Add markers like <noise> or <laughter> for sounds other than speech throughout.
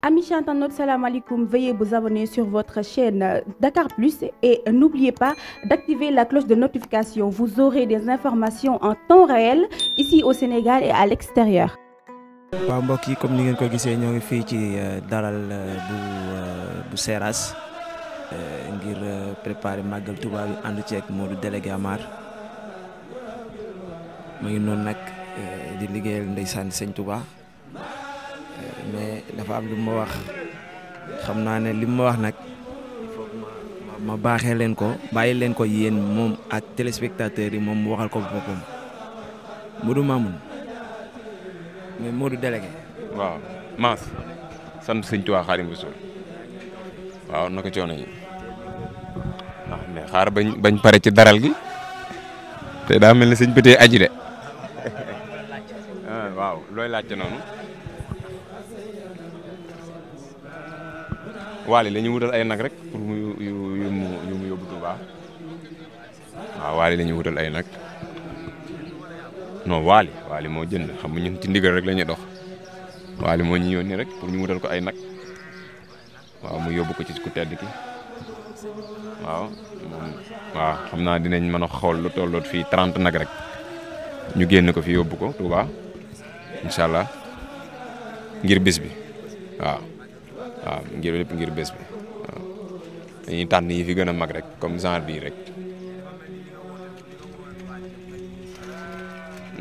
Amis chers internautes, salam alaikum. Veuillez vous abonner sur votre chaîne Dakar Plus et n'oubliez pas d'activer la cloche de notification. Vous aurez des informations en temps réel ici au Sénégal et à l'extérieur. waaw mbokk yi comme ni ngeen ko gisee ñoo ngi fii ci euh, daral euh, bu euh, bu ngir préparer màggal Touba bi ànd ceeg Modou délégué Amar mu ngi noonu nag di liggéeyal ndeysaan Sëñ Touba. mais dafa am lu ma wax xam naa ne li ma wax nag ma baaxee leen ko bàyyi leen ko yéen moom ak téléspectateurs yi moom mu waxal ko boppam Modou Mamoun mais Modou délégué. waaw Mass sant sëñ Tuubaa Xaadimu Rasuul waaw naka coono yi waaw mais xaar bañ bañ pare ci daral gi te daa mel ni sëñ bëtee aji de <laughs> ah, waaw looy laajte noonu. waale la ñu wutal ay nag rek pour mu yu yu mu yu mu yóbbu Touba waaw waale la wutal ay nag no waali waali moo jënd xam nga ñun ci ndigal rek la ñuy dox waali moo ñu yónni rek pour ñu wutal ko ay nag waaw mu yóbbu ko ci ku tedd ki waaw xam naa dinañ mën a xool lu tolloot fii trent nag rek ñu génn ko fi yóbbu ko Touba incha allah ngir bis bi waaw waaw ngir lépp ngir bés bi waaw dañuy tànn yi fi gën a mag rek comme genre bii rek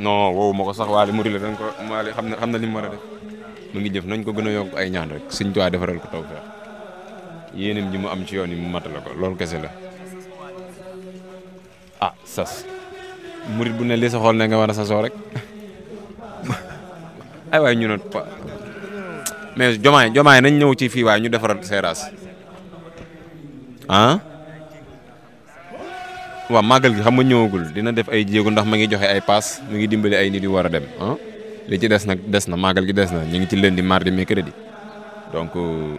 non wow ma ko sax waale muri la dañ ko waale xam na xam na li mu war a def mu ngi jëf nañ ko gën a yokk ay ñaan rek suñ tuwaa defaral ko taw feex yéenam ji mu am ci yoon yi mu matala ko loolu kese la ah sas murit bu ne li sa xool ne nga war a sasoo rek <laughs> ay waay ñu ne mais jomaay jomaay nañ ñëw ci fii waaye ñu defaral seeraas ah waaw màggal gi xam nga ñëwagul dina def ay jéego ndax ma ngi joxe ay paas mu ngi dimbali ay nit yu war a dem ah li ci des nag des na màggal gi des na ñu ngi ci lundi mardi mercredi donc euh,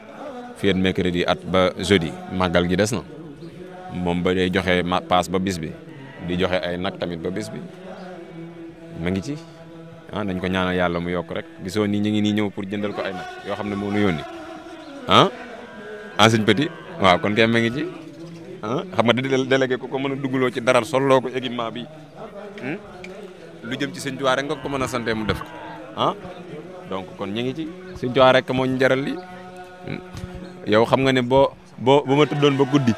fii ak mercredi at ba jeudi màggal gi des na moom ba day joxe paas ba bis bi di joxe ay nag tamit ba bis bi ma ah dañ ko ñaanal yàlla mu yokk rek gisoo nii ñu ngi nii ñëw pour jëndal ko ay nag yoo xam ne moo nu yónni ah enseigne ah, petit waaw kon kay ma ngi ci ah xam nga da délégué ko ko mën a dugaloo ci daral solloo ko équipement bi hmm? jëm ci sëñ Tuubaa rek nga ko mën a sante mu def ko ah donc kon ñu ngi ci sëñ Tuubaa rek moo ñu jaral li hmm? yow xam nga ne boo boo ba ma tuddoon ba guddi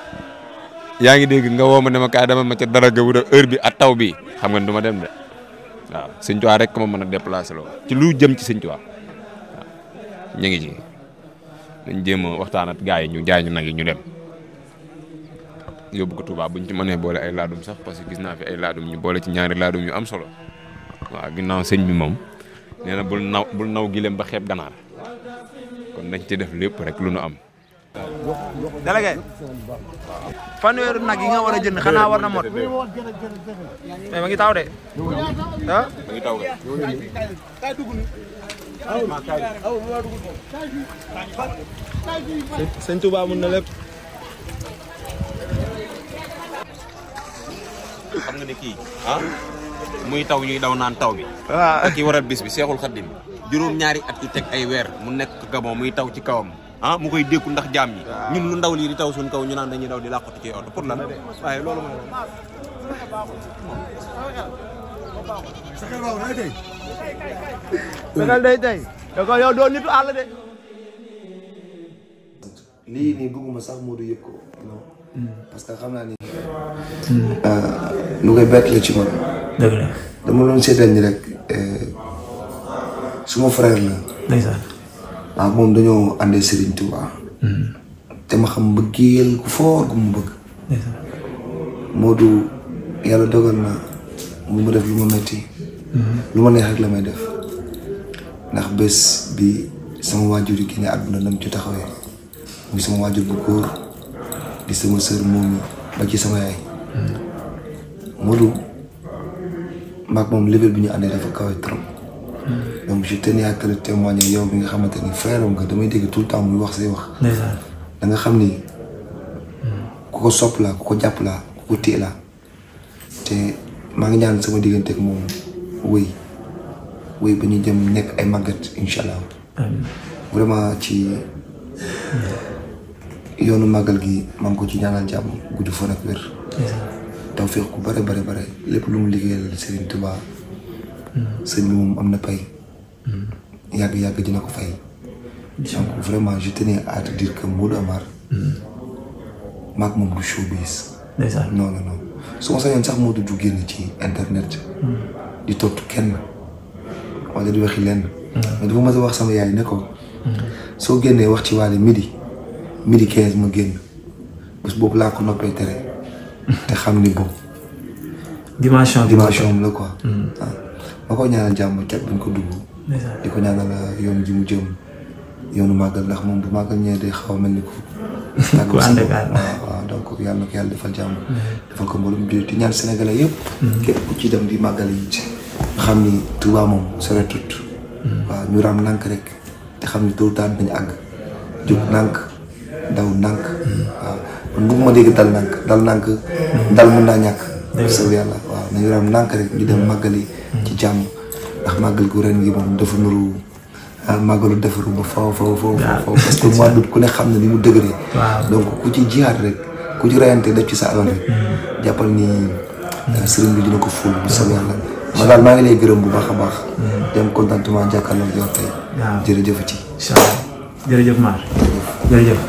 yaa ngi dégg nga woo ma ne ma kaay dama ma ca dara ga wut heure bi ak taw bi xam nga du ma dem de waaw sëñ Tuubaa rek ma mën a déplacé loo ci lu jëm ci sëñ Tuubaa ngi ci dañ jéem a waxtaan at gaa yi ñu jaay ñu nag yi ñu dem yóbbu ko Touba buñ ci mënee boole ay laadum sax parce que gis naa fi ay laadum ñu boole ci ñaari laadum yu am solo waaw ginnaaw sëñ bi moom nee na bul naw bul naw gileem ba xeeb ganaar kon dañ ci def lépp rek lu nu am. délégué fanweeri nag yi nga war a jënd xanaa war na mot. ah taw kay. sëñ Touba mun na lépp. xam nga ne kii ah, muy taw ñuy daw naan taw bi. waaw ah. kii waral bis bi Seexul Xaddim juróom ñaari at yu teg ay weer mu nekk Gabon muy taw ci kawam. Ah, mu koy dékku ndax jaam ñi. ñun lu ndaw lii di taw suñ kaw ñu naan dañuy daw di làqatu ci oto pour lan waaye loolu mooy. saxel waaw day tey. tey. da ko yow doo nitu àll de. lii nii bëgguma sax Modou yëg ko. non parce que xam naa hmm. koy bett la ci man. dëgg la dama doon seetal rek eh, suma frère la. ndeysaan. Ah, moom dañoo àndee Serigne Touba. Hmm. te ma xam mbëggeel ku foor gu mu bëgg. Modou yàlla dogal na. mu ma def lu ma métti mhm. lu ma neex rek la may def ndax bés bi sama waajur yi génne àdduna nam ci taxawee muy sama waajur bu góor di sama sœur moom ba ci mhm. moom level bi ñu àndee dafa kawe trop mhm. donc je tenais à te le témoigner yow bi nga xamante ni frère nga damay dégg tul le temps muy wax say wax danga xam ni ku ko sopp laa ku ko jàpp laa ku ko téye laa te ngi ñaan sama diggante ak moom wéy wéy ba ñu jëm nekk ay màggat incha allah. vraiment ci yoonu màggal gi maa ko ci ñaanal jàmm gudd fan ak wér. tawféex bare bare bare lépp lu mu liggéeyal Serigne Touba. Mm. sëñ moom am na pay. Mm. yàgg yàgg dina ko fay. donc vraiment je tenais à te dire que Modou Amar. Mm. maag moom du showbiz. non non non. su ma sañoon sax Modou du génn ci internet. Hmm. di tott kenn wala di waxi lenn. Hmm. mais dafa mas a wax sama yaay ne ko. Hmm. soo génnee wax ci waale midi midi 15 ma génn boobu laa ko noppee tere. te xam ni boobu. dimension ah. ma ko ñaanal jàmm teg buñ ko dugg. di ko ñaanal yoon ji mu jëm yoonu màggal ndax moom bu màggal ñëwee xaw a mel ni ko. Ah, waaw donc yàlla na ko yàlla defal jàmm. Mm-hmm. defal ko mboolum jullit di ñaan Sénégalais yëpp. Mm-hmm. képp ku ci dem di màggal xam ni Tuubaa moom sore tut mm-hmm. waaw ñu nànk rek te xam ni doo daan dañu àgg. jóg nànk daw nànk. waaw man dal nànk dal nànk. dal mën naa ñàkk. dëgg yàlla waaw nañu nànk rek ñu dem màggali. ci jàmm ndax màggal gu ren gi moom dafa nuru. ah màggalu defaru ba faw faw faw faw parce que ku ne xam na ni mu dëgëree don ku ci jiyaat rek ku ci rayante def ci sa alal rek hmm. jàppal ni hmm. ah, sëriñ bi dina ko ful bu soobee hmm. yàlla ma daal maa ngi lay gërëm bu baax a baax di ko contentement jàkkaarloo ak yow tey jërëjëf ci jërëjëf Mar jërëjëf <laughs>